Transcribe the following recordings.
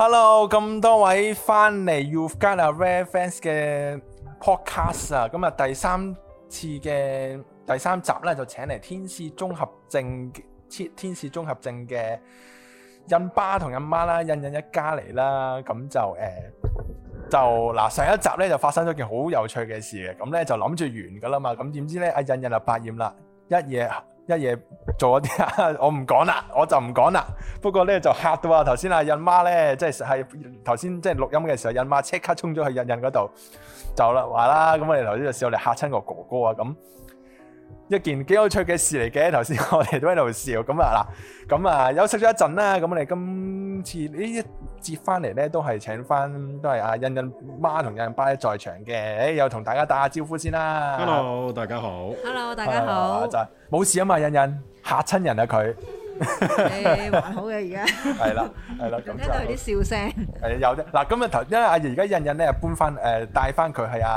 hello，咁多位翻嚟 You've got a Rare Fans 嘅 podcast 啊，咁啊第三次嘅第三集咧就請嚟天使綜合症天天使綜合症嘅印爸同印媽啦，印印一家嚟啦，咁就誒、欸、就嗱，上一集咧就發生咗件好有趣嘅事嘅，咁咧就諗住完噶啦嘛，咁點知咧阿印印就發炎啦，一夜。一嘢做嗰啲啊，我唔講啦，我就唔講啦。不過咧就嚇到啊。頭先啊印媽咧即係係頭先即係錄音嘅時候，印媽即刻衝咗去印印嗰度就啦話啦，咁我哋頭先嘅事我哋嚇親個哥哥啊咁。一件幾有趣嘅事嚟嘅，頭先我哋都喺度笑咁啊嗱，咁啊休息咗一陣啦，咁我哋今次呢一節翻嚟咧都係請翻都係阿印印媽同印印爸在場嘅，誒又同大家打下招呼先啦。Hello，大家好。Hello，大家好。就冇事啊嘛，印印嚇親人啊佢。誒還好嘅而家。係啦，係啦，咁就。而家都係啲笑聲。誒有啲，嗱，今日頭因為阿爺而家印印咧搬翻誒帶翻佢喺阿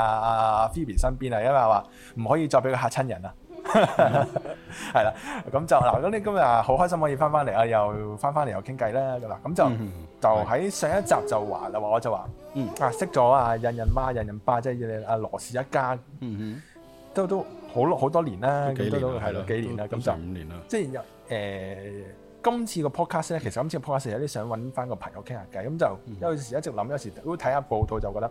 阿菲比身邊啊，因為話唔可以再俾佢嚇親人啊。係啦，咁、mm hmm. 就嗱，咁你今日好開心可以翻翻嚟啊，又翻翻嚟又傾偈啦，咁啦，咁、mm hmm. 就就喺上一集就話啦，話我就話，嗯、mm，hmm. 啊，識咗啊，印印媽印印爸，即係阿羅氏一家，嗯哼、mm hmm.，都都好好多年啦，都幾年係咯，幾年啦，十五年啦，即係又誒，今次個 podcast 咧，其實今次個 podcast 有啲想揾翻個朋友傾下偈，咁、mm hmm. 就有陣時一直諗，有陣時會睇下報道就覺得。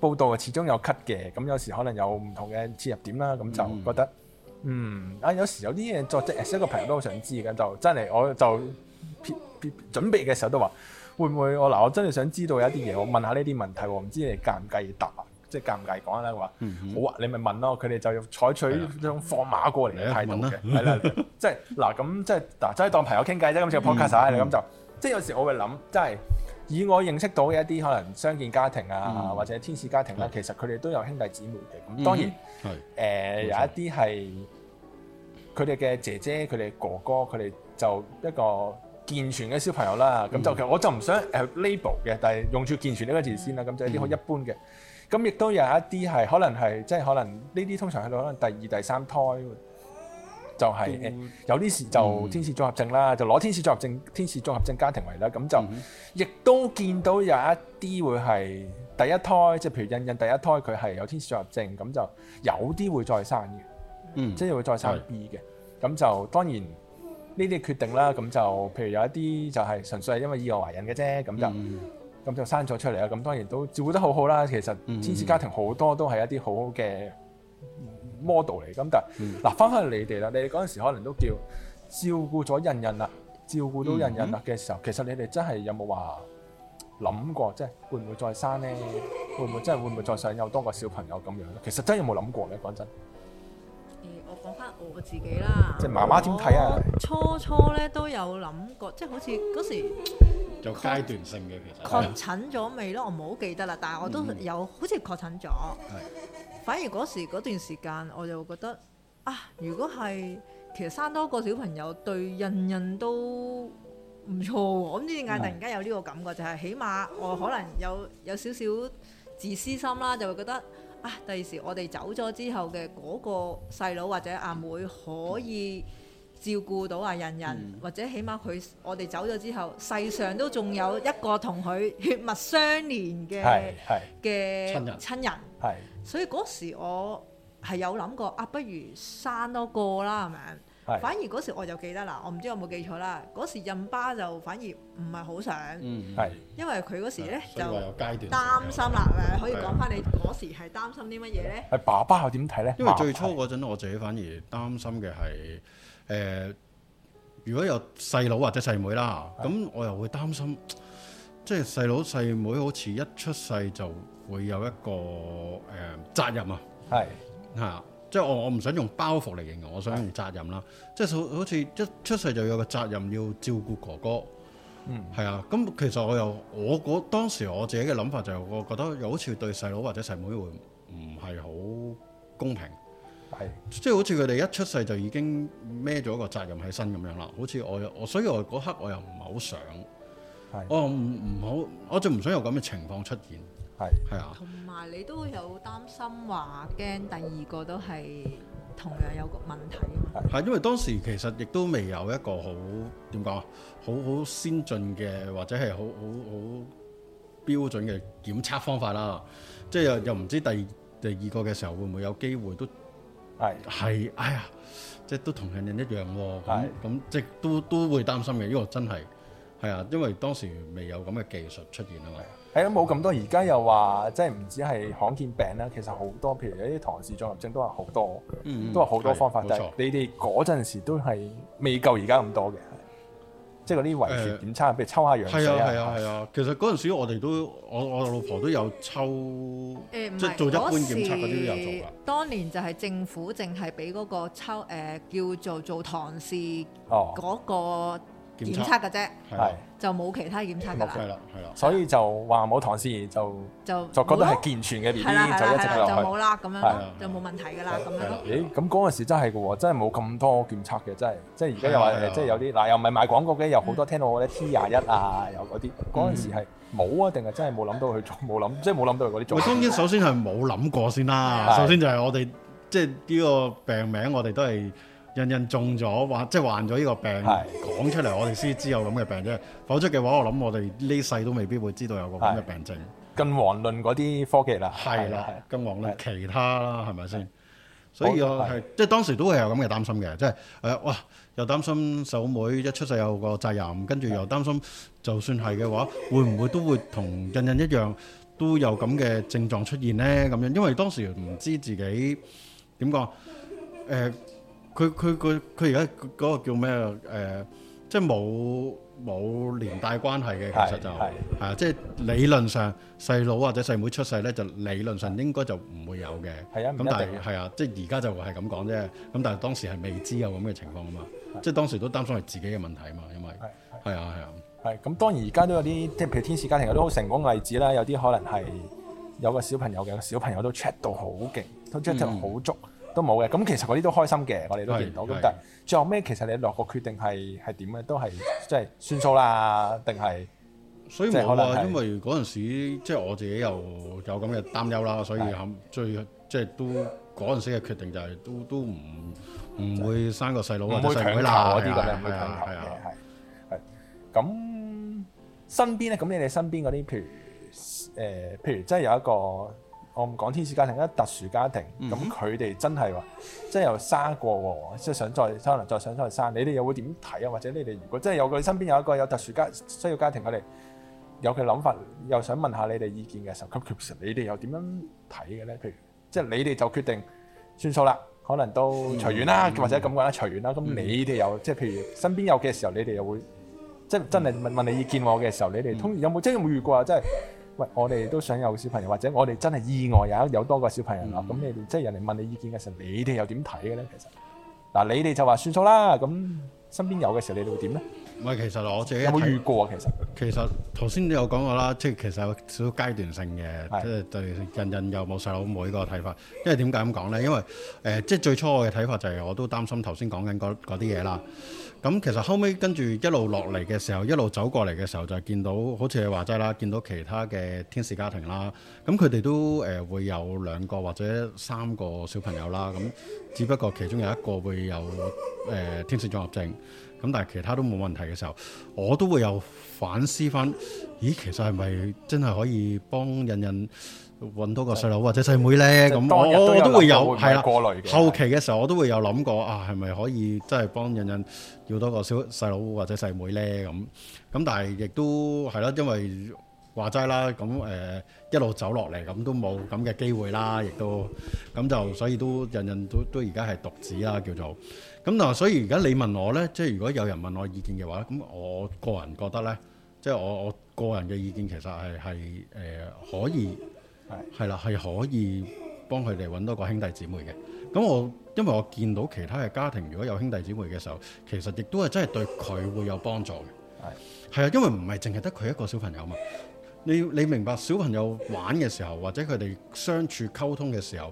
報道啊，始終有 cut 嘅，咁有時可能有唔同嘅切入點啦，咁就覺得，嗯，啊有時有啲嘢作為，一個朋友都好想知嘅，就真係，我就編編準備嘅時候都話，會唔會我嗱我真係想知道有一啲嘢，我問下呢啲問題，我唔知你介唔介意答啊，即係介唔介意講啦，話好啊，你咪問咯，佢哋就要採取呢種放馬過嚟嘅態度嘅，係啦，即係嗱咁即係嗱真係當朋友傾偈啫，咁次個 podcast 咁就即係有時我會諗，真係。以我認識到嘅一啲可能相見家庭啊，嗯、或者天使家庭咧、啊，是其實佢哋都有兄弟姊妹嘅。咁、嗯、當然，誒有一啲係佢哋嘅姐姐、佢哋哥哥，佢哋就一個健全嘅小朋友啦。咁、嗯、就其實我就唔想誒 label 嘅，但係用住健全呢個字先啦。咁就一啲好一般嘅。咁亦、嗯、都有一啲係可能係即係可能呢啲通常係可能第二、第三胎。就係、是、誒、嗯呃、有啲事就天使綜合症啦，嗯、就攞天使綜合症、天使綜合症家庭為例，咁就、嗯、亦都見到有一啲會係第一胎，即係譬如印印第一胎佢係有天使綜合症，咁就有啲會再生嘅，嗯，即係會再生 B 嘅，咁、嗯、就當然呢啲決定啦，咁就譬如有一啲就係純粹係因為意外懷孕嘅啫，咁就咁、嗯、就生咗出嚟啦，咁當然都照顧得好好啦。其實天使家庭好多都係一啲好好嘅。嗯 model 嚟咁，但係嗱翻翻去你哋啦，你哋嗰陣時可能都叫照顧咗印印啦，照顧到印印啦嘅時候，其實你哋真係有冇話諗過，即係會唔會再生咧？會唔會真係會唔會再想有多個小朋友咁樣咧？其實真係有冇諗過咧？講真，我講翻我自己啦，即係媽媽點睇啊？初初咧都有諗過，即係好似嗰時有階段性嘅，其實確診咗未咯？我唔好記得啦，但係我都有好似確診咗。反而嗰時嗰段時間，我就覺得啊，如果係其實生多個小朋友對人人都唔錯，我唔知點解突然間有呢個感覺，是就係起碼我可能有有少少自私心啦，就會覺得啊，第二時我哋走咗之後嘅嗰個細佬或者阿妹可以照顧到啊人人，嗯、或者起碼佢我哋走咗之後，世上都仲有一個同佢血脈相連嘅嘅的 親人。親人。係。所以嗰時我係有諗過，啊不如生多個啦，係咪？是反而嗰時我就記得啦，我唔知有冇記錯啦。嗰時印爸就反而唔係好想，嗯、因為佢嗰時咧就擔心啦。誒，是可以講翻你嗰時係擔心啲乜嘢咧？係爸爸又點睇咧？因為最初嗰陣，我自己反而擔心嘅係誒，如果有細佬或者細妹啦，咁是我又會擔心。即係細佬細妹好似一出世就會有一個誒、呃、責任啊，係吓是、啊，即係我我唔想用包袱嚟形容，我想用責任啦、啊。是即係好似一出世就有個責任要照顧哥哥，嗯，係啊。咁其實我又我嗰當時我自己嘅諗法就係，我覺得又好似對細佬或者細妹，妹會唔係好公平，係是，即係好似佢哋一出世就已經孭咗個責任喺身咁樣啦。好似我我，我所以我嗰刻我又唔係好想。哦，唔唔好，我就唔想有咁嘅情況出現。係的，係啊的。同埋你都會有擔心話驚第二個都係同樣有個問題。係的，因為當時其實亦都未有一個好點講，好好先進嘅或者係好好好標準嘅檢測方法啦。即係又又唔知第二第二個嘅時候會唔會有機會都係係的的，哎呀，即係都同人哋一樣喎、哦。咁的即係都都會擔心嘅，呢個真係。係啊，因為當時未有咁嘅技術出現啊嘛。係啊，冇咁多，而家又話即係唔止係罕見病啦，其實好多，譬如有啲唐氏綜合症都係好多，嗯、都係好多方法。冇錯，你哋嗰陣時都係未夠而家咁多嘅，即係嗰啲遺傳檢測，譬、欸、如抽下羊水。係啊，係啊，係啊，啊，啊。其實嗰陣時我哋都，我我老婆都有抽，嗯、即係做一般檢測嗰啲都有做啊。當年就係政府淨係俾嗰個抽誒、呃、叫做唐、嗯、叫做唐氏。哦。個。檢測㗎啫，係就冇其他檢測，係啦，係啦，所以就話冇唐氏就就就覺得係健全嘅 B B 就一直落去，就冇啦咁樣，就冇問題㗎啦咁樣。咦？咁嗰陣時真係嘅喎，真係冇咁多檢測嘅，真係，即係而家又話，即係有啲嗱，又唔係賣廣告嘅，有好多聽到我哋 T 廿一啊，有嗰啲。嗰陣時係冇啊，定係真係冇諗到去做，冇諗，即係冇諗到嗰啲做。當然，首先係冇諗過先啦。首先就係我哋即係呢個病名，我哋都係。印印中咗，患即係患咗呢個病，講是出嚟我哋先知有咁嘅病啫。否則嘅話，我諗我哋呢世都未必會知道有個咁嘅病症。更遑論嗰啲科技啦，係啦的，更遑論其他啦，係咪先？所以我係的的即係當時都會有咁嘅擔心嘅，即係誒、呃、哇，又擔心細妹一出世有個責任，跟住又擔心，就算係嘅話，會唔會都會同印印一樣都有咁嘅症狀出現呢？咁樣，因為當時唔知自己點講誒。佢佢佢佢而家嗰個叫咩？誒、呃，即係冇冇連帶關係嘅，其實就係即係理論上細佬、嗯、或者細妹，妹出世咧，就理論上應該就唔會有嘅。係啊，咁但係係啊，即係而家就係咁講啫。咁但係當時係未知有咁嘅情況啊嘛。是即係當時都擔心係自己嘅問題啊嘛，因為係啊係啊。係咁，當然而家都有啲即係譬如天使家庭有啲好成功例子啦，有啲可能係有個小朋友嘅個小朋友都 check 到好勁，都 check 到好足。嗯嗯都冇嘅，咁其實嗰啲都開心嘅，我哋都見到。咁但係最後咩？其實你落個決定係係點嘅？都係即係算數啦，定係？所以冇啦，因為嗰陣時即係我自己又有咁嘅擔憂啦，所以肯最即係都嗰陣時嘅決定就係都都唔唔會生個細佬啊！唔會強求嗰啲咁樣，唔會強求嘅。係係咁身邊咧，咁你哋身邊嗰啲譬如誒，譬如即係有一個。我唔講天使家庭，而家特殊家庭，咁佢哋真係話，真係又生過喎，即係想再可能再想再生，你哋又會點睇啊？或者你哋如果真係有個身邊有一個有特殊家需要家庭，佢哋有佢諗法，又想問下你哋意見嘅時候，咁其實你哋又點樣睇嘅咧？譬如即係你哋就決定算數啦，可能都隨緣啦，嗯、哼或者咁講啦，隨緣啦。咁、嗯、哼你哋又即係譬如身邊有嘅時候，你哋又會即係真係問、嗯、哼問你意見我嘅時候，你哋通有冇真係冇遇過啊？即係。喂，我哋都想有小朋友，或者我哋真係意外有有多個小朋友嗱，咁你哋即係人哋問你意見嘅時候，你哋又點睇嘅咧？其實嗱，你哋就話算數啦。咁身邊有嘅時候，你哋會點咧？唔係，其實我自己有冇遇過啊？其實其實頭先都有講過啦，即係其實有少少階段性嘅，即係對人人有冇細佬妹個睇法。因為點解咁講咧？因為誒，即係最初我嘅睇法就係我都擔心頭先講緊嗰嗰啲嘢啦。咁其實後尾跟住一路落嚟嘅時候，一路走過嚟嘅時候，就見到好似你話齋啦，見到其他嘅天使家庭啦，咁佢哋都誒、呃、會有兩個或者三個小朋友啦，咁只不過其中有一個會有誒、呃、天使綜合症。咁但係其他都冇問題嘅時候，我都會有反思翻，咦，其實係咪真係可以幫印印揾多個細佬或者細妹咧？咁、嗯、我都會有係啦。後期嘅時候，我都會有諗過啊，係咪可以真係幫印印要多個小細佬或者細妹咧？咁咁但係亦都係啦，因為話齋啦，咁誒、呃、一路走落嚟，咁都冇咁嘅機會啦，亦都咁就所以都印印都都而家係獨子啦，叫做。咁嗱、嗯，所以而家你問我咧，即係如果有人問我意見嘅話，咁我個人覺得咧，即係我我個人嘅意見其實係係誒可以係係啦，係可以幫佢哋揾多個兄弟姊妹嘅。咁我因為我見到其他嘅家庭如果有兄弟姊妹嘅時候，其實亦都係真係對佢會有幫助嘅。係係啊，因為唔係淨係得佢一個小朋友嘛。你你明白小朋友玩嘅時候，或者佢哋相處溝通嘅時候，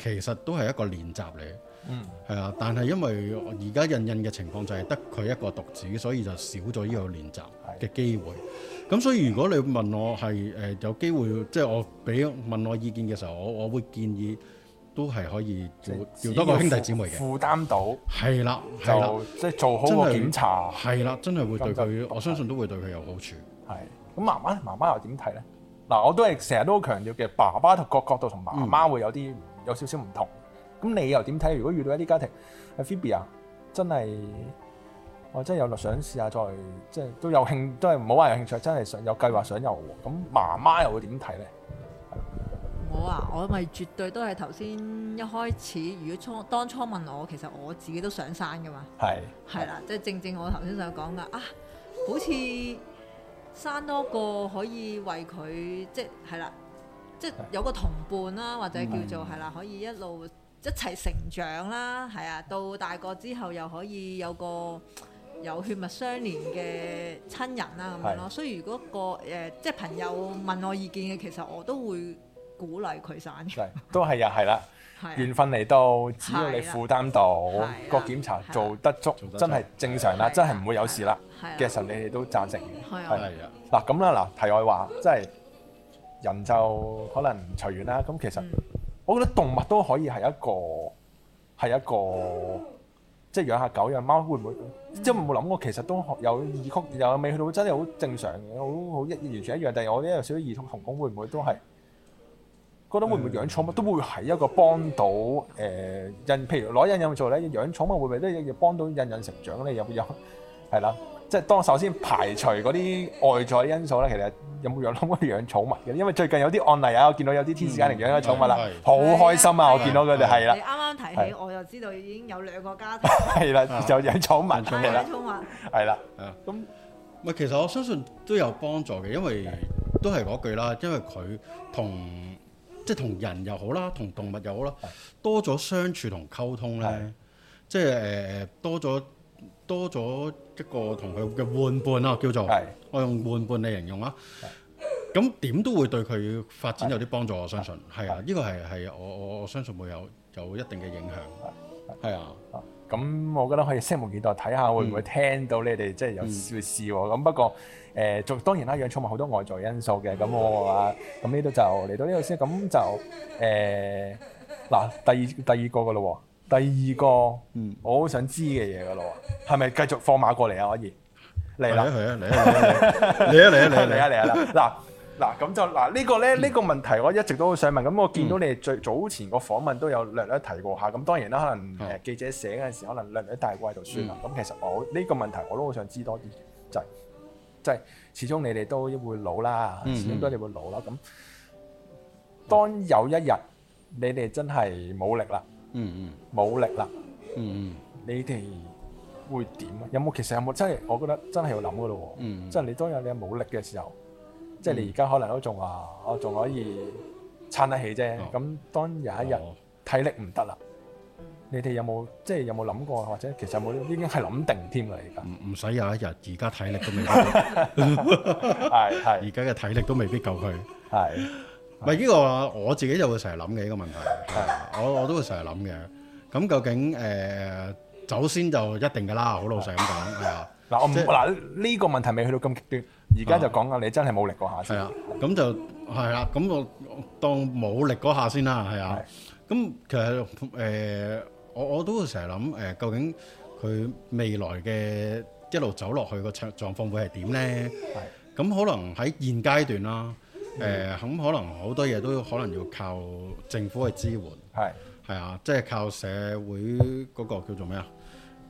其實都係一個練習嚟。嗯，係啊，但係因為而家印印嘅情況就係得佢一個獨子，所以就少咗呢個練習嘅機會。咁的所以如果你問我係誒、呃、有機會，即、就、係、是、我俾問我意見嘅時候，我我會建議都係可以做多個兄弟姊妹嘅負擔到。係啦，係即係做好個檢查。係啦，真係會對佢，我相信都會對佢有好處。係。咁媽媽媽媽又點睇咧？嗱、啊，我都係成日都強調嘅，爸爸同個角、角度同媽媽會有啲、嗯、有少少唔同。咁你又點睇？如果遇到一啲家庭，Phoebe 啊，真係我真係有想試下再，即係都有興，都係唔好話有興趣，真係想有計劃想有喎。咁媽媽又會點睇呢？我啊，我咪絕對都係頭先一開始，如果初當初問我，其實我自己都想生噶嘛。係係是啦，即係正正我頭先就講噶啊，好似生多個可以為佢，即係係啦，即係有個同伴啦，或者叫做係是啦，可以一路。一齊成長啦，係啊、pues，到大個之後又可以有個有血脈相連嘅親人啦，咁樣咯。所以如果個誒即係朋友問我意見嘅，其實我都會鼓勵佢散。笑 iros 啊、都係又係啦，緣、啊、分嚟到，啊啊、只要你負擔到，啊、個檢查做得足做得、啊，真係正常啦，真係唔會有事、啊、啦。其實你哋都贊成，係啊。嗱咁啦，嗱題外話，即、就、係、是、人就可能隨緣啦。咁其實、嗯。我覺得動物都可以係一個係一個，即係養下狗、養貓？會唔會？即係冇冇諗過，其實都有異曲，又未去到真係好正常嘅，好好一完全一樣。但係我呢有少少異曲同工，會唔會都係覺得會唔會養寵物都會係一個幫到誒印，呃，譬如攞印去做咧，養寵物會唔會都要幫到印印成長咧？有冇有係啦？即係當我首先排除嗰啲外在因素咧，其實有冇有諗過養寵物嘅？因為最近有啲案例啊，我見到有啲天使家庭養咗寵物啦，好開心啊！我見到佢哋係啦。你啱啱提起，我就知道已經有兩個家庭係啦，就養寵物，養寵物係啦。咁喂，其實我相信都有幫助嘅，因為都係嗰句啦，因為佢同即係同人又好啦，同動物又好啦，多咗相處同溝通咧，即係誒多咗。多咗一個同佢嘅玩伴啦，叫做，我用玩伴嚟形容啦。咁點都會對佢發展有啲幫助，話我相信。係啊，呢、這個係係我我我相信會有有一定嘅影響。係啊。咁我覺得可以拭目以待，睇下會唔會聽到你哋即係有試事喎。咁說 Ran audio 不過誒、呃，當然啦，養寵物好多外在因素嘅。咁我啊，咁呢度就嚟到呢度先。咁就誒嗱，第二第二個嘅嘞喎。第二個，嗯，我好想知嘅嘢㗎喇喎，係咪繼續放馬過嚟啊？可以嚟啦，係啊，嚟啦、啊，嚟啦、啊，嚟啦、 啊，嚟啦、啊，嚟啦、啊，嗱、啊，嗱，咁就嗱呢個咧，呢、嗯、個問題我一直都好想問，咁我見到你最早前個訪問都有略略提過下，咁當然啦，可能誒記者寫嗰陣時，可能略略大過喺度算啦，咁、嗯、其實我呢個問題我都好想知多啲，就係、是，即係，始終你哋都會老啦，嗯嗯始終都你會老啦，咁當有一日你哋真係冇力啦。嗯嗯，冇力啦，嗯嗯，嗯你哋會點啊？有冇其實有冇即係？我覺得真係要諗噶咯喎，嗯，即係你當有你冇力嘅時候，即係你而家可能都仲話，我仲可以撐得起啫。咁、嗯、當有一日體力唔得啦，哦哦、你哋有冇即係有冇諗、就是、過？或者其實冇，已經係諗定添啦。而家。唔唔使有一日，而家體力都未必夠，係係。而家嘅體力都未必夠佢，係。唔係呢個我自己就會成日諗嘅呢個問題，我我都會成日諗嘅。咁究竟誒走先就一定㗎啦，好老實咁講係啊。嗱我唔嗱呢個問題未去到咁極端，而家就講緊你真係冇力嗰下先。係啊，咁就係啦。咁我當冇力嗰下先啦，係啊。咁其實誒我我都會成日諗誒，究竟佢未來嘅一路走落去個狀狀況會係點咧？係咁可能喺現階段啦。誒咁，嗯、可能好多嘢都可能要靠政府去支援，係係是啊，即、就、係、是、靠社會嗰個叫做咩啊？誒、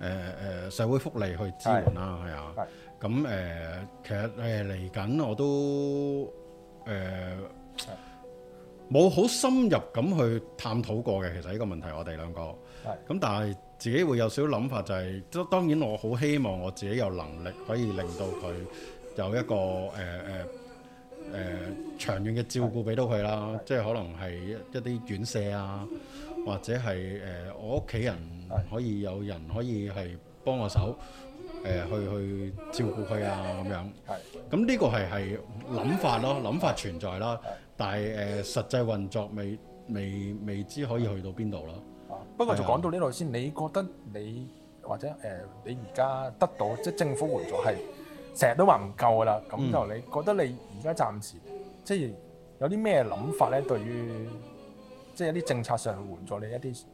呃、誒社會福利去支援啦，係是啊。咁誒其實誒嚟緊我都誒冇好深入咁去探討過嘅，其實呢、呃呃、是個問題我哋兩個，咁是但係自己會有少少諗法，就是，就係都當然我好希望我自己有能力可以令到佢有一個誒誒。呃呃誒、呃、長遠嘅照顧俾到佢啦，是的 即係可能係一一啲院舍啊，或者係誒、呃、我屋企人可以有人可以係幫我手誒、呃、去去照顧佢啊咁樣。係是的。咁呢個係係諗法咯，諗法存在啦，是的 但係誒、呃、實際運作未、未、未知可以去到邊度咯。是的 不過就講到呢度先，是的 你覺得你或者誒、呃、你而家得到即係政府援助係？成日都話唔夠噶啦，咁就你覺得你而家暫時、嗯、即係有啲咩諗法咧？對於即係有啲政策上援助你一啲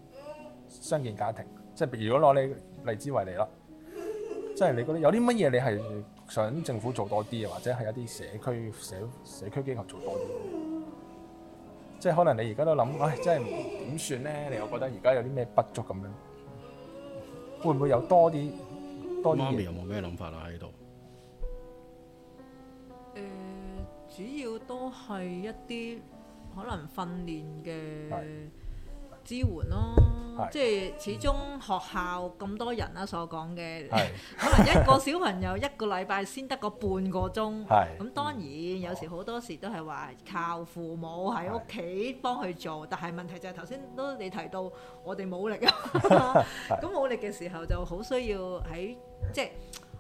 傷健家庭，即係如果攞你例子為例啦，即係你覺得有啲乜嘢你係想政府做多啲，或者係一啲社區社社區機構做多啲？即係可能你而家都諗，喂、哎，即係點算咧？你又覺得而家有啲咩不足咁樣？會唔會有多啲多啲嘢？媽咪有冇咩諗法啊？喺度？主要都係一啲可能訓練嘅支援咯。即係始終學校咁多人啦所講嘅，是嗯、可能一個小朋友一個禮拜先得個半個鐘咁是、嗯、當然有時好多時都係話靠父母喺屋企幫佢做，是但係問題就係頭先都你提到我哋冇力啊，咁冇是呵 力嘅時候就好需要喺即係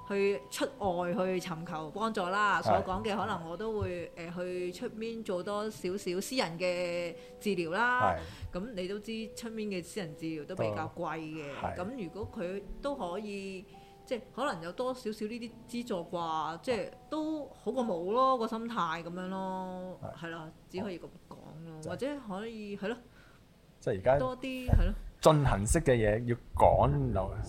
去出外去尋求幫助啦。是所講嘅可能我都會誒、呃、去出面做多少少私人嘅治療啦，咁是是你都知出面嘅私人。治療都比較貴嘅，咁的如果佢都可以，即、就、係、是、可能有多少少呢啲資助啩，即、就、係、是、都好過冇咯、那個心態咁樣咯，係啦的，的只可以咁講咯，即或者可以係咯，即係而家多啲係咯，進行式嘅嘢要講，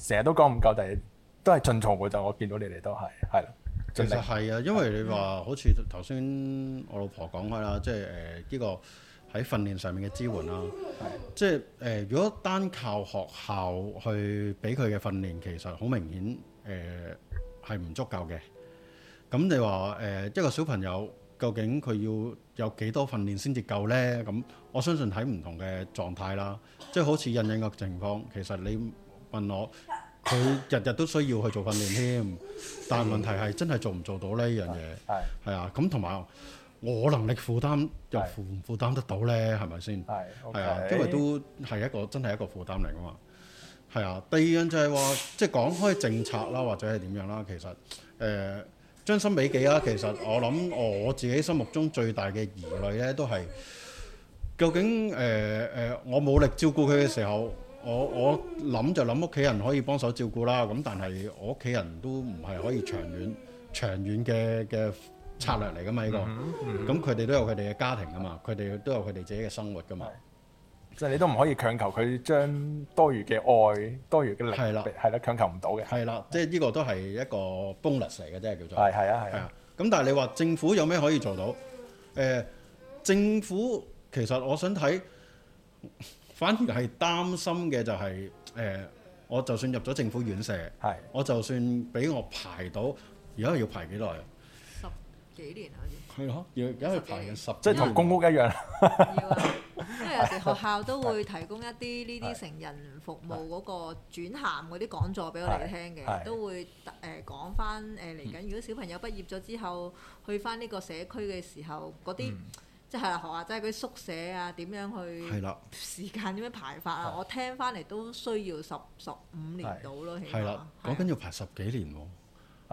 成日、嗯、都講唔夠，但係都係盡瘁無就我見到你哋都係，係啦。其實係啊，因為你話、嗯、好似頭先我老婆講開啦，即係誒呢個。喺訓練上面嘅支援啦，即係誒，如、呃、果單靠學校去俾佢嘅訓練，其實好明顯誒係唔足夠嘅。咁、嗯、你話誒、呃、一個小朋友究竟佢要有幾多訓練先至夠呢？咁、嗯、我相信睇唔同嘅狀態啦，即係好似印印嘅情況，其實你問我佢日日都需要去做訓練添， 但問題係真係做唔做到呢樣嘢？係啊， 咁同埋。我能力負擔又負唔負擔得到呢，係咪先？係啊，因為都係一個真係一個負擔嚟啊嘛。係啊，第二樣就係話、就是，即係講開政策啦，或者係點樣啦，其實誒、呃，將心比己啦，其實我諗我自己心目中最大嘅疑慮呢，都係究竟誒誒、呃呃，我冇力照顧佢嘅時候，我我諗就諗屋企人可以幫手照顧啦。咁但係我屋企人都唔係可以長遠長遠嘅嘅。策略嚟噶嘛呢個，咁佢哋都有佢哋嘅家庭噶嘛，佢哋都有佢哋自己嘅生活噶嘛。即係你都唔可以強求佢將多餘嘅愛、多餘嘅力，係啦，係啦，強求唔到嘅。係啦，即係呢個都係一個 bonus 嚟嘅，即係叫做係係啊係啊。咁但係你話政府有咩可以做到？誒，政府其實我想睇，反而係擔心嘅就係誒，我就算入咗政府院舍，係，我就算俾我排到，而家係要排幾耐？幾年好似係咯，而家要排十，即係同公屋一樣。要啊，因為有時學校都會提供一啲呢啲成人服務嗰個轉閂嗰啲講座俾我哋聽嘅，都會誒講翻誒嚟緊。如果小朋友畢業咗之後去翻呢個社區嘅時候，嗰啲即係學下即係嗰啲宿舍啊，點樣去時間點樣排法啊？我聽翻嚟都需要十十五年到咯，起碼。啦，講緊要排十幾年喎。.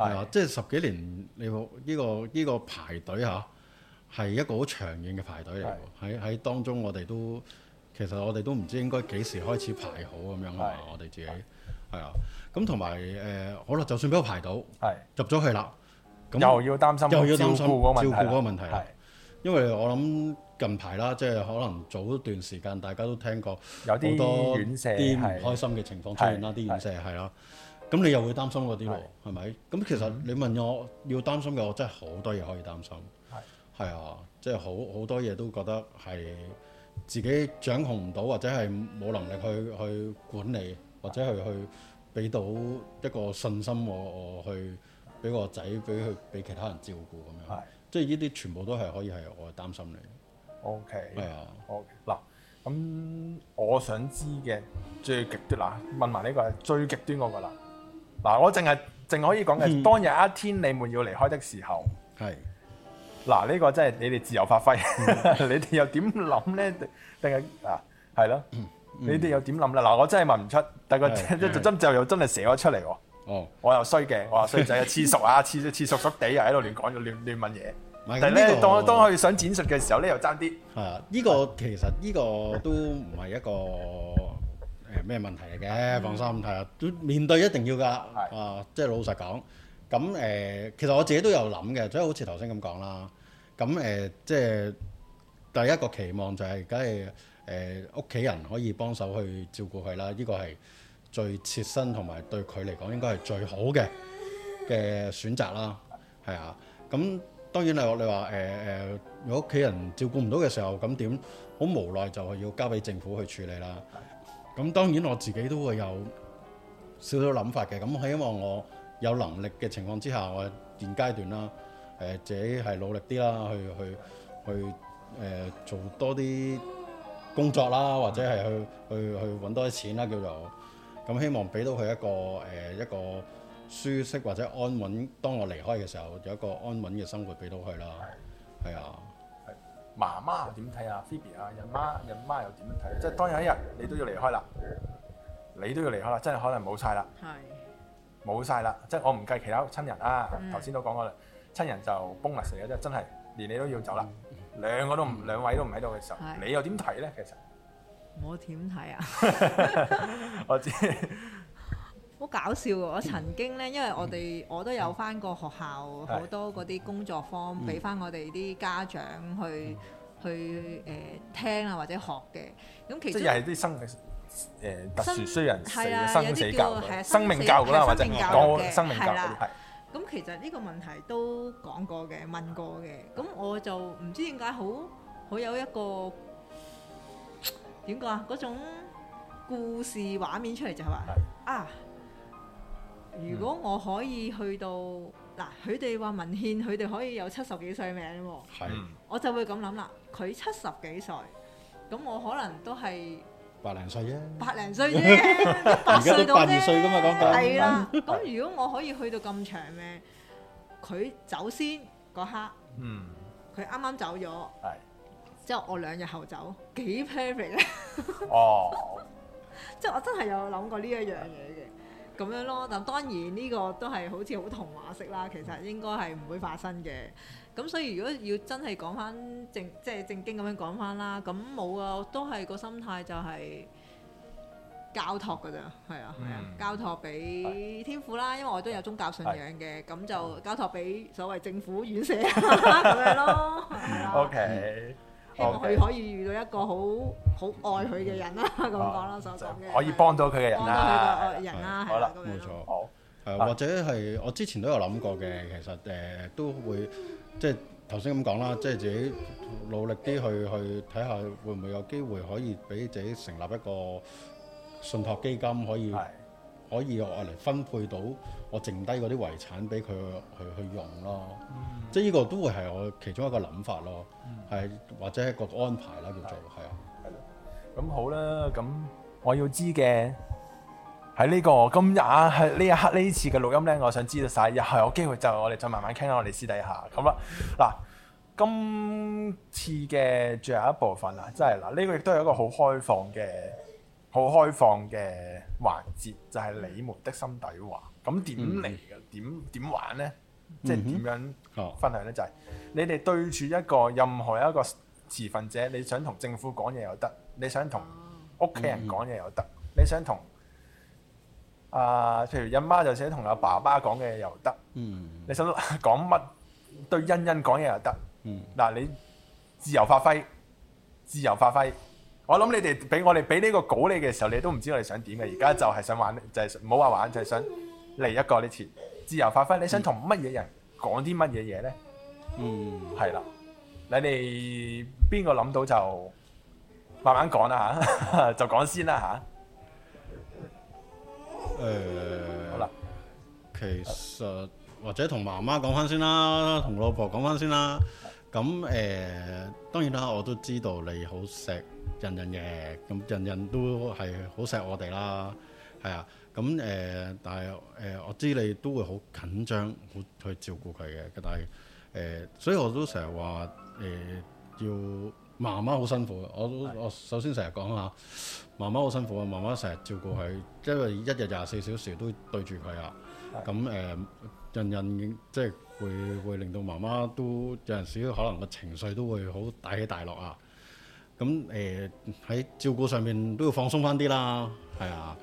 係啊，即係十幾年，你、這個呢個呢個排隊吓、啊、係一個好長遠嘅排隊嚟喎。喺喺是當中我，我哋都其實我哋都唔知應該幾時開始排好咁樣啊。我哋自己係啊。咁同埋誒，好啦，就算俾我排到，入咗是去啦，又要擔心，又要擔心照顧嗰個問題。因為我諗近排啦，即係可能早段時間大家都聽過好多啲唔開心嘅情況出現啦，啲院舍係啦。咁你又會擔心嗰啲喎，係咪是？咁其實你問我要擔心嘅，我真係好多嘢可以擔心係係是啊，即係好好多嘢都覺得係自己掌控唔到，或者係冇能力去去管理，或者係去俾到一個信心我我去俾個仔俾佢俾其他人照顧咁樣，係是、啊、即係呢啲全部都係可以係我擔心你。O K 係啊。O K 嗱咁，我想知嘅最極端啦，問埋呢個係最極端嗰個啦。嗱，我淨係淨可以講嘅，當日一天你們要離開的時候，係嗱，呢個真係你哋自由發揮，你哋又點諗咧？定係啊，係咯，你哋又點諗啦？嗱，我真係問唔出，但個就真就又真係寫咗出嚟喎。哦，我又衰嘅，我話衰仔啊，黐熟啊，黐黐熟熟地又喺度亂講亂亂問嘢。但係呢，當當佢想剪述嘅時候咧，又爭啲。啊，呢個其實呢個都唔係一個咩問題嚟嘅？放心，睇啦，嗯，都面對一定要㗎。的啊，即係老實講，咁誒、呃，其實我自己都有諗嘅、就是呃，即係好似頭先咁講啦。咁誒，即係第一個期望就係、是，梗係誒屋企人可以幫手去照顧佢啦。呢、這個係最切身同埋對佢嚟講應該係最好嘅嘅選擇啦。係啊，咁當然係我你話誒誒，如果屋企人照顧唔到嘅時候，咁點好，無奈就係要交俾政府去處理啦。咁當然我自己都會有少少諗法嘅，咁希望我有能力嘅情況之下，我現階段啦，誒、呃呃，自己係努力啲啦，去去去誒做多啲工作啦，或者係去去去揾多啲錢啦，叫做咁希望俾到佢一個誒、呃、一個舒適或者安穩。當我離開嘅時候，有一個安穩嘅生活俾到佢啦。係啊。媽媽又點睇啊？Phoebe 啊，阿媽阿媽，媽，媽又點樣睇？即係當有一日你都要離開啦，你都要離開啦，真係可能冇晒啦，冇晒啦，即係我唔計其他親人啊，頭先是都講過啦，親人就崩裂曬嘅，即係真係連你都要走啦，嗯、兩個都唔，兩位都唔喺度嘅時候，是你又點睇咧？其實冇點睇啊？ 我知。好搞笑喎！我曾經咧，因為我哋我都有翻個學校，好多嗰啲工作坊俾翻我哋啲家長去去誒聽啊，或者學嘅。咁其實又係啲生命誒特殊需要人士嘅生命教育，生命教嘅或者愛嘅生命教育。咁其實呢個問題都講過嘅，問過嘅。咁我就唔知點解好，好有一個點講啊，嗰種故事畫面出嚟就係話啊～如果我可以去到嗱，佢哋話文獻，佢哋可以有七十幾歲命喎，我就會咁諗啦。佢七十幾歲，咁我可能都係百零歲啫，百零歲啫，百歲到百二歲咁啊，講緊。係啦，咁如果我可以去到咁長命，佢走先嗰刻，嗯，佢啱啱走咗，係，之後我兩日後走，幾 perfect 咧？哦，即係我真係有諗過呢一樣嘢嘅。咁樣咯，但當然呢個都係好似好童話式啦，其實應該係唔會發生嘅。咁所以如果要真係講翻正，即係正，正經咁樣講翻啦，咁冇啊，都係個心態就係交託㗎咋，係啊係啊，交、嗯、託俾天父啦，因為我都有宗教信仰嘅，咁、啊、就交託俾所謂政府院舍咁 樣咯。 啊、OK。希望佢可以遇到一個好好愛佢嘅人啦，咁講啦，啊、所講可以幫到佢嘅人啦、啊。好啦，冇錯，誒好、啊、或者係我之前都有諗過嘅，其實誒、呃、都會、啊、即係頭先咁講啦，即係自己努力啲去去睇下會唔會有機會可以俾自己成立一個信託基金可以。可以我嚟分配到我剩低嗰啲遺產俾佢去去用咯，嗯、即係呢個都會係我其中一個諗法咯，係、嗯、或者一個安排啦，叫做係啊。咁、嗯啊嗯、好啦，咁我要知嘅喺呢個今日喺呢一刻次呢次嘅錄音咧，我想知道晒，又係有機會就我哋就慢慢傾下我哋私底下咁啦。嗱、嗯，今次嘅最後一部分啦，即係嗱，呢個亦都係一個好開放嘅。好開放嘅環節就係、是、你們的心底話，咁點嚟嘅？點點、mm hmm. 玩呢？即係點樣分享呢？Mm hmm. 就係、是、你哋對住一個任何一個持份者，你想同政府講嘢又得，你想同屋企人講嘢又得，mm hmm. 你想同啊、呃、譬如阿媽，媽就寫同阿爸爸講嘅嘢又得，mm hmm. 你想講乜對印印講嘢又得。嗱、mm hmm.，你自由發揮，自由發揮。我諗你哋俾我哋俾呢個稿你嘅時候，你都唔知我哋想點嘅。而家就係想玩，就係唔好話玩，就係、是、想嚟一個呢次自由發揮。你想同乜嘢人講啲乜嘢嘢呢？嗯，係啦、嗯。你哋邊個諗到就慢慢講啦吓， 就講先啦吓。誒、欸，好啦了，其實或者同媽媽講翻先啦，同、嗯、老婆講翻先啦。咁誒、呃、當然啦，我都知道你好錫人人嘅，咁人人都係好錫我哋啦，係啊。咁誒、呃，但係誒、呃，我知你都會好緊張，好去照顧佢嘅。但係誒、呃，所以我都成日話誒，要媽媽好辛苦，我都我首先成日講下媽媽好辛苦啊，媽媽成日照顧佢，即係、嗯、因為一日廿四小時都對住佢啊。咁誒、嗯呃，人人即係，會會令到媽媽都有陣時可能個情緒都會好大起大落啊！咁誒喺照顧上面都要放鬆返啲啦，係啊，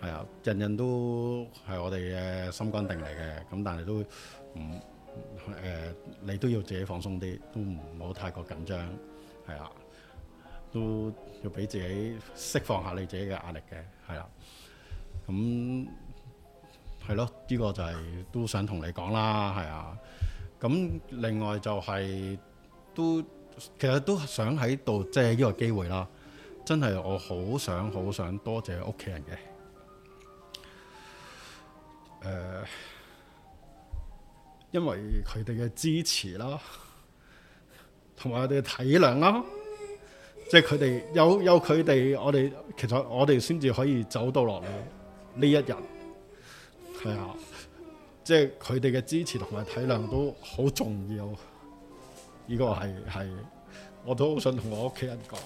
係啊，人人都係我哋嘅心肝定嚟嘅，咁但係都唔誒、嗯呃，你都要自己放鬆啲，都唔好太過緊張，係啊，都要俾自己釋放下你自己嘅壓力嘅，係啊，咁。係咯，呢、這個就係、是、都想同你講啦，係啊。咁另外就係、是、都其實都想喺度，即係呢個機會啦。真係我好想好想多謝屋企人嘅，誒、呃，因為佢哋嘅支持啦，同埋我哋嘅體諒啦，即係佢哋有有佢哋，我哋其實我哋先至可以走到落嚟呢一日。係啊，即係佢哋嘅支持同埋體諒都好重要，呢、這個係係我都好想同我屋企人講。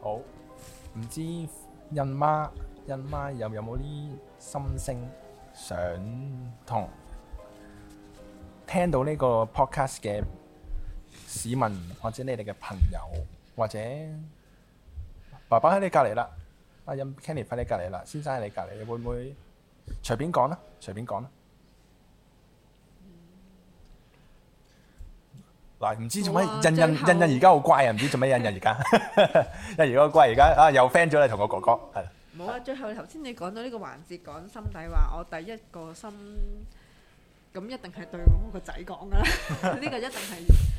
好，唔知印媽、印媽有有冇啲心聲想同聽到呢個 podcast 嘅市民或者你哋嘅朋友或者爸爸喺你隔離啦。阿印 Kenny 喺你隔離啦，先生喺你隔離，會唔會隨便講咧？隨便講啦。嗱，唔知做咩？印印印印而家好乖啊！唔知做咩印印而家，印而家乖而家啊，又 friend 咗你啦，同個哥哥係。冇啊！最後頭先你講到呢個環節，講心底話，我第一個心咁一定係對我個仔講㗎啦，呢個一定係。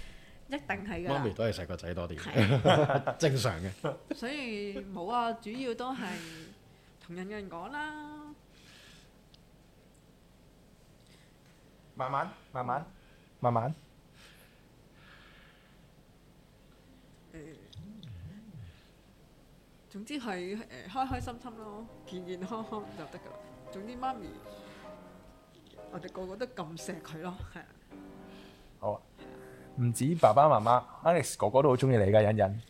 一定係㗎，媽咪都係細個仔多啲，正常嘅。所以冇啊，主要都係同人嘅人講啦，慢慢、慢慢、慢慢。誒，總之係誒開開心心咯，健健康康就得㗎喇。總之媽咪，我哋個個都咁錫佢咯，係啊。好啊。唔止爸爸媽媽，Alex 哥哥都好中意你㗎，印印，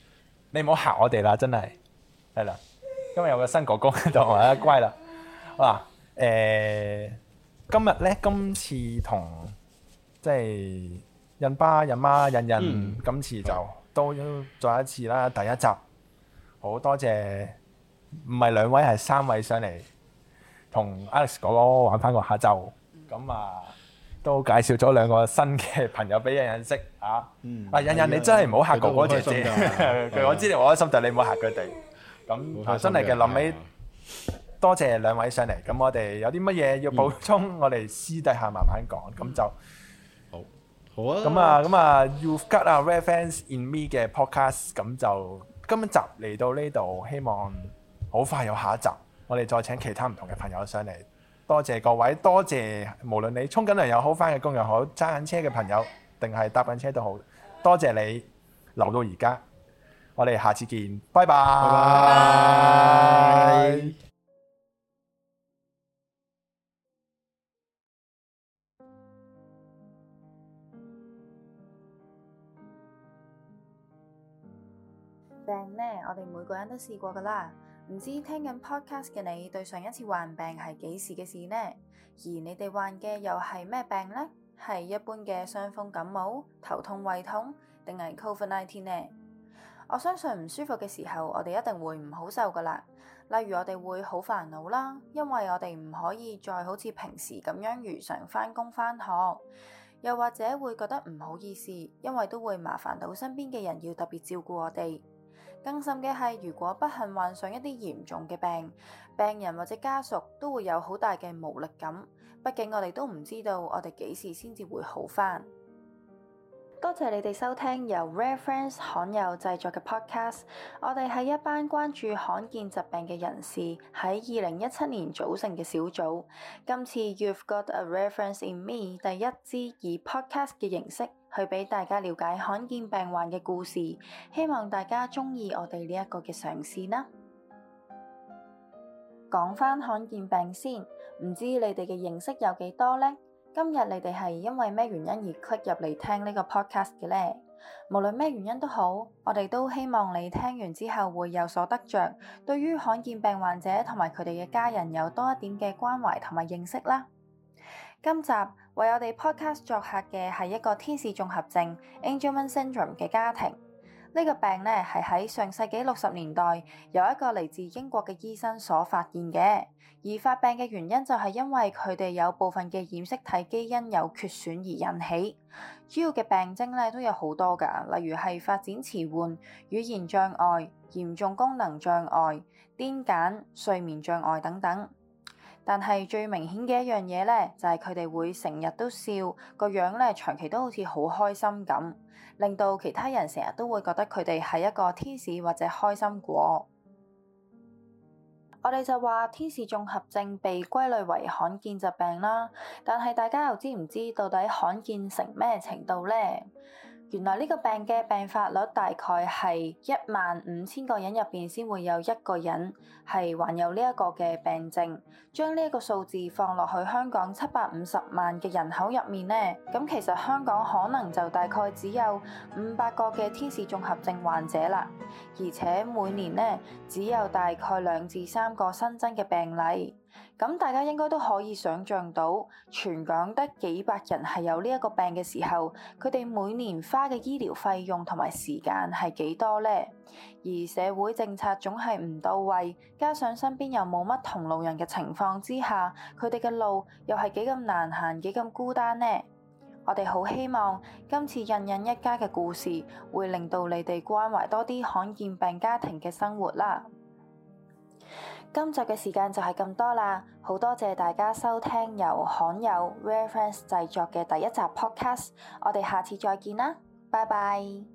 你唔好嚇我哋啦，真係，係啦，今日有個新哥哥喺度啊，乖啦，好啦，誒，今日咧今次同即係印爸印媽印印，今次就都再一次啦，第一集，好多謝，唔係兩位係三位上嚟，同 Alex 哥哥玩翻個下晝，咁啊。都介紹咗兩個新嘅朋友俾印印識啊！嗯、啊印印你真係唔好嚇哥哥姐姐，佢吧我知道你開心，但係你唔好嚇佢哋。咁真係嘅，臨尾，多謝兩位上嚟，咁我哋有啲乜嘢要補充，嗯、我哋私底下慢慢講，咁就好，好啊。咁啊，咁啊，You've Got A Rare Friends In Me 嘅 podcast，咁就今集嚟到呢度，希望好快有下一集，我哋再請其他唔同嘅朋友上嚟。多謝各位，多謝無論你沖緊涼又好，翻嘅工又好，揸緊車嘅朋友，定係搭緊車都好，多謝你留到而家。我哋下次見，拜拜。Bye bye 病呢？我哋每個人都試過㗎啦。唔知聽緊 podcast 嘅你對上一次患病係幾時嘅事呢？而你哋患嘅又係咩病呢？係一般嘅傷風感冒、頭痛、胃痛，定係 Covid 19呢？我相信唔舒服嘅時候，我哋一定會唔好受噶啦。例如我哋會好煩惱啦，因為我哋唔可以再好似平時咁樣如常返工返學，又或者會覺得唔好意思，因為都會麻煩到身邊嘅人要特別照顧我哋。更甚嘅係，如果不幸患上一啲嚴重嘅病，病人或者家屬都會有好大嘅無力感。畢竟我哋都唔知道我哋幾時先至會好返。多謝你哋收聽由 Rare Friends 罕友製作嘅 Podcast。我哋係一班關注罕見疾病嘅人士喺二零一七年組成嘅小組。今次 You've Got a Rare Friend in Me 第一支以 Podcast 嘅形式去俾大家了解罕見病患嘅故事，希望大家中意我哋呢一個嘅嘗試啦。講返罕見病先，唔知你哋嘅認識有幾多呢？今日你哋係因為咩原因而 click 入嚟聽呢個 podcast 嘅呢？無論咩原因都好，我哋都希望你聽完之後會有所得着，對於罕見病患者同埋佢哋嘅家人有多一點嘅關懷同埋認識啦。今集為我哋 podcast 作客嘅係一個天使綜合症 （Angelman Syndrome） 嘅家庭。呢個病咧係喺上世紀六十年代由一個嚟自英國嘅醫生所發現嘅，而發病嘅原因就係因為佢哋有部分嘅染色體基因有缺損而引起。主要嘅病徵咧都有好多噶，例如係發展遲緩、語言障礙、嚴重功能障礙、癲癇、睡眠障礙等等。但係最明顯嘅一樣嘢呢，就係佢哋會成日都笑，個樣呢長期都好似好開心咁，令到其他人成日都會覺得佢哋係一個天使或者開心果。 我哋就話天使綜合症被歸類為罕見疾病啦，但係大家又知唔知到底罕見成咩程度呢？原來呢個病嘅病發率大概係一萬五千個人入邊先會有一個人係患有呢一個嘅病症。將呢一個數字放落去香港七百五十萬嘅人口入面呢，咁其實香港可能就大概只有五百個嘅天使綜合症患者啦，而且每年呢只有大概兩至三個新增嘅病例。咁大家應該都可以想像到，全港得幾百人係有呢一個病嘅時候，佢哋每年花嘅醫療費用同埋時間係幾多呢？而社會政策總係唔到位，加上身邊又冇乜同路人嘅情況之下，佢哋嘅路又係幾咁難行，幾咁孤單呢？我哋好希望今次印印一家嘅故事會令到你哋關懷多啲罕見病家庭嘅生活啦。今集嘅時間就係咁多啦，好多謝大家收聽由罕有 Rare Friends 製作嘅第一集 Podcast，我哋下次再見啦，拜拜。